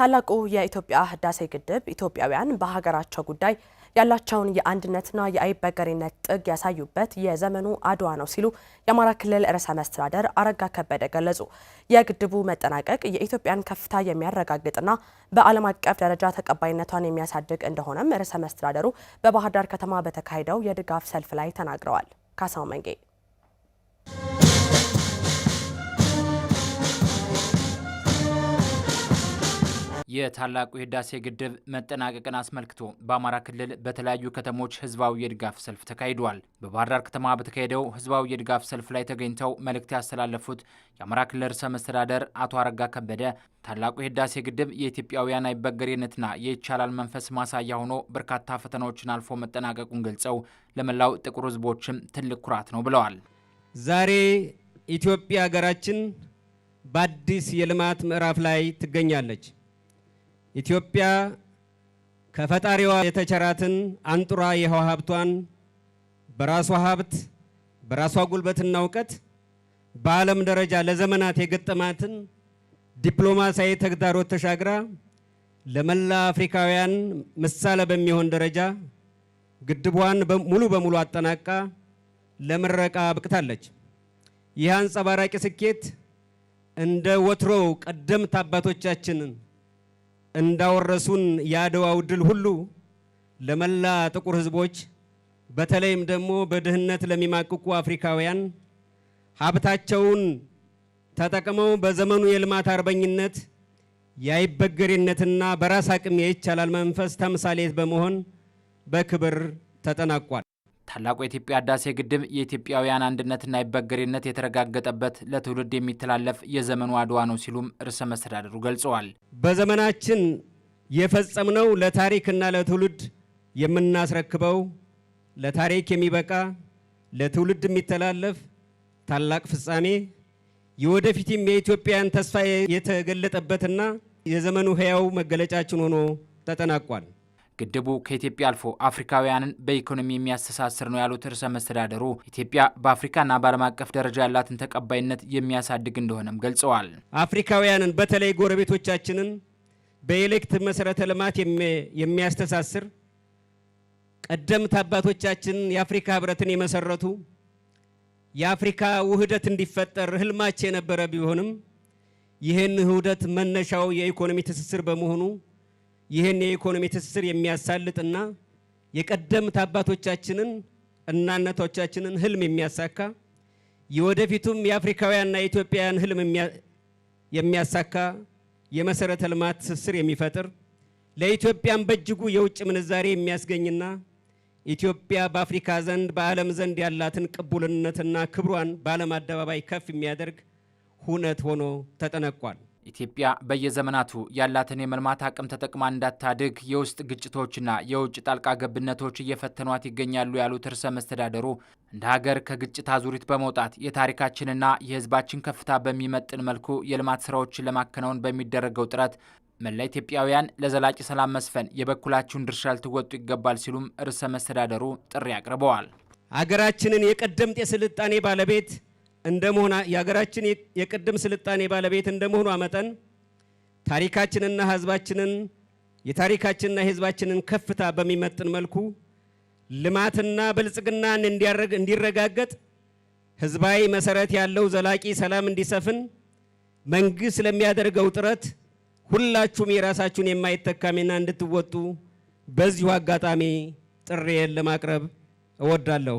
ታላቁ የኢትዮጵያ ህዳሴ ግድብ ኢትዮጵያውያን በሀገራቸው ጉዳይ ያላቸውን የአንድነትና የአይበገሬነት ጥግ ያሳዩበት የዘመኑ አድዋ ነው ሲሉ የአማራ ክልል ርዕሰ መስተዳደር አረጋ ከበደ ገለጹ። የግድቡ መጠናቀቅ የኢትዮጵያን ከፍታ የሚያረጋግጥና በዓለም አቀፍ ደረጃ ተቀባይነቷን የሚያሳድግ እንደሆነም ርዕሰ መስተዳደሩ በባህር ዳር ከተማ በተካሄደው የድጋፍ ሰልፍ ላይ ተናግረዋል። ካሳው መንጌ የታላቁ የህዳሴ ግድብ መጠናቀቅን አስመልክቶ በአማራ ክልል በተለያዩ ከተሞች ህዝባዊ የድጋፍ ሰልፍ ተካሂዷል። በባህር ዳር ከተማ በተካሄደው ህዝባዊ የድጋፍ ሰልፍ ላይ ተገኝተው መልእክት ያስተላለፉት የአማራ ክልል ርዕሰ መስተዳደር አቶ አረጋ ከበደ ታላቁ የህዳሴ ግድብ የኢትዮጵያውያን አይበገሬነትና የይቻላል መንፈስ ማሳያ ሆኖ በርካታ ፈተናዎችን አልፎ መጠናቀቁን ገልጸው ለመላው ጥቁር ህዝቦችም ትልቅ ኩራት ነው ብለዋል። ዛሬ ኢትዮጵያ ሀገራችን በአዲስ የልማት ምዕራፍ ላይ ትገኛለች። ኢትዮጵያ ከፈጣሪዋ የተቸራትን አንጡራ የውሃ ሀብቷን በራሷ ሀብት በራሷ ጉልበትና እውቀት በዓለም ደረጃ ለዘመናት የገጠማትን ዲፕሎማሲያዊ ተግዳሮት ተሻግራ ለመላ አፍሪካውያን ምሳሌ በሚሆን ደረጃ ግድቧን ሙሉ በሙሉ አጠናቃ ለምረቃ አብቅታለች። ይህ አንጸባራቂ ስኬት እንደ ወትሮው ቀደምት አባቶቻችንን እንዳወረሱን የአድዋው ድል ሁሉ ለመላ ጥቁር ህዝቦች በተለይም ደግሞ በድህነት ለሚማቅቁ አፍሪካውያን ሀብታቸውን ተጠቅመው በዘመኑ የልማት አርበኝነት የአይበገሬነትና በራስ አቅም የይቻላል መንፈስ ተምሳሌት በመሆን በክብር ተጠናቋል። ታላቁ የኢትዮጵያ ህዳሴ ግድብ የኢትዮጵያውያን አንድነትና ይበገሬነት የተረጋገጠበት ለትውልድ የሚተላለፍ የዘመኑ አድዋ ነው ሲሉም ርዕሰ መስተዳድሩ ገልጸዋል። በዘመናችን የፈጸምነው ለታሪክና ለትውልድ የምናስረክበው ለታሪክ የሚበቃ ለትውልድ የሚተላለፍ ታላቅ ፍጻሜ የወደፊትም የኢትዮጵያን ተስፋ የተገለጠበትና የዘመኑ ህያው መገለጫችን ሆኖ ተጠናቋል። ግድቡ ከኢትዮጵያ አልፎ አፍሪካውያንን በኢኮኖሚ የሚያስተሳስር ነው ያሉት ርዕሰ መስተዳደሩ ኢትዮጵያ በአፍሪካና በዓለም አቀፍ ደረጃ ያላትን ተቀባይነት የሚያሳድግ እንደሆነም ገልጸዋል። አፍሪካውያንን በተለይ ጎረቤቶቻችንን በኤሌክት መሰረተ ልማት የሚያስተሳስር ቀደምት አባቶቻችን የአፍሪካ ህብረትን የመሰረቱ የአፍሪካ ውህደት እንዲፈጠር ህልማቸው የነበረ ቢሆንም ይህን ውህደት መነሻው የኢኮኖሚ ትስስር በመሆኑ ይህን የኢኮኖሚ ትስስር የሚያሳልጥና የቀደምት አባቶቻችንን እና እናቶቻችንን ህልም የሚያሳካ የወደፊቱም የአፍሪካውያንና የኢትዮጵያውያን ህልም የሚያሳካ የመሰረተ ልማት ትስስር የሚፈጥር ለኢትዮጵያም በእጅጉ የውጭ ምንዛሬ የሚያስገኝና ኢትዮጵያ በአፍሪካ ዘንድ በዓለም ዘንድ ያላትን ቅቡልነትና ክብሯን በዓለም አደባባይ ከፍ የሚያደርግ ሁነት ሆኖ ተጠነቋል። ኢትዮጵያ በየዘመናቱ ያላትን የመልማት አቅም ተጠቅማ እንዳታድግ የውስጥ ግጭቶችና የውጭ ጣልቃ ገብነቶች እየፈተኗት ይገኛሉ ያሉት ርዕሰ መስተዳደሩ እንደ ሀገር ከግጭት አዙሪት በመውጣት የታሪካችንና የሕዝባችን ከፍታ በሚመጥን መልኩ የልማት ስራዎችን ለማከናወን በሚደረገው ጥረት መላ ኢትዮጵያውያን ለዘላቂ ሰላም መስፈን የበኩላችሁን ድርሻ ልትወጡ ይገባል ሲሉም ርዕሰ መስተዳደሩ ጥሪ አቅርበዋል። ሀገራችንን የቀደምት የስልጣኔ ባለቤት እንደመሆና የሀገራችን የቅድም ስልጣኔ ባለቤት እንደመሆኗ መጠን ታሪካችንና ህዝባችንን የታሪካችንና የህዝባችንን ከፍታ በሚመጥን መልኩ ልማትና ብልጽግናን እንዲረጋገጥ ህዝባዊ መሰረት ያለው ዘላቂ ሰላም እንዲሰፍን መንግስት ስለሚያደርገው ጥረት ሁላችሁም የራሳችሁን የማይተካ ሚና እንድትወጡ በዚሁ አጋጣሚ ጥሪዬን ለማቅረብ እወዳለሁ።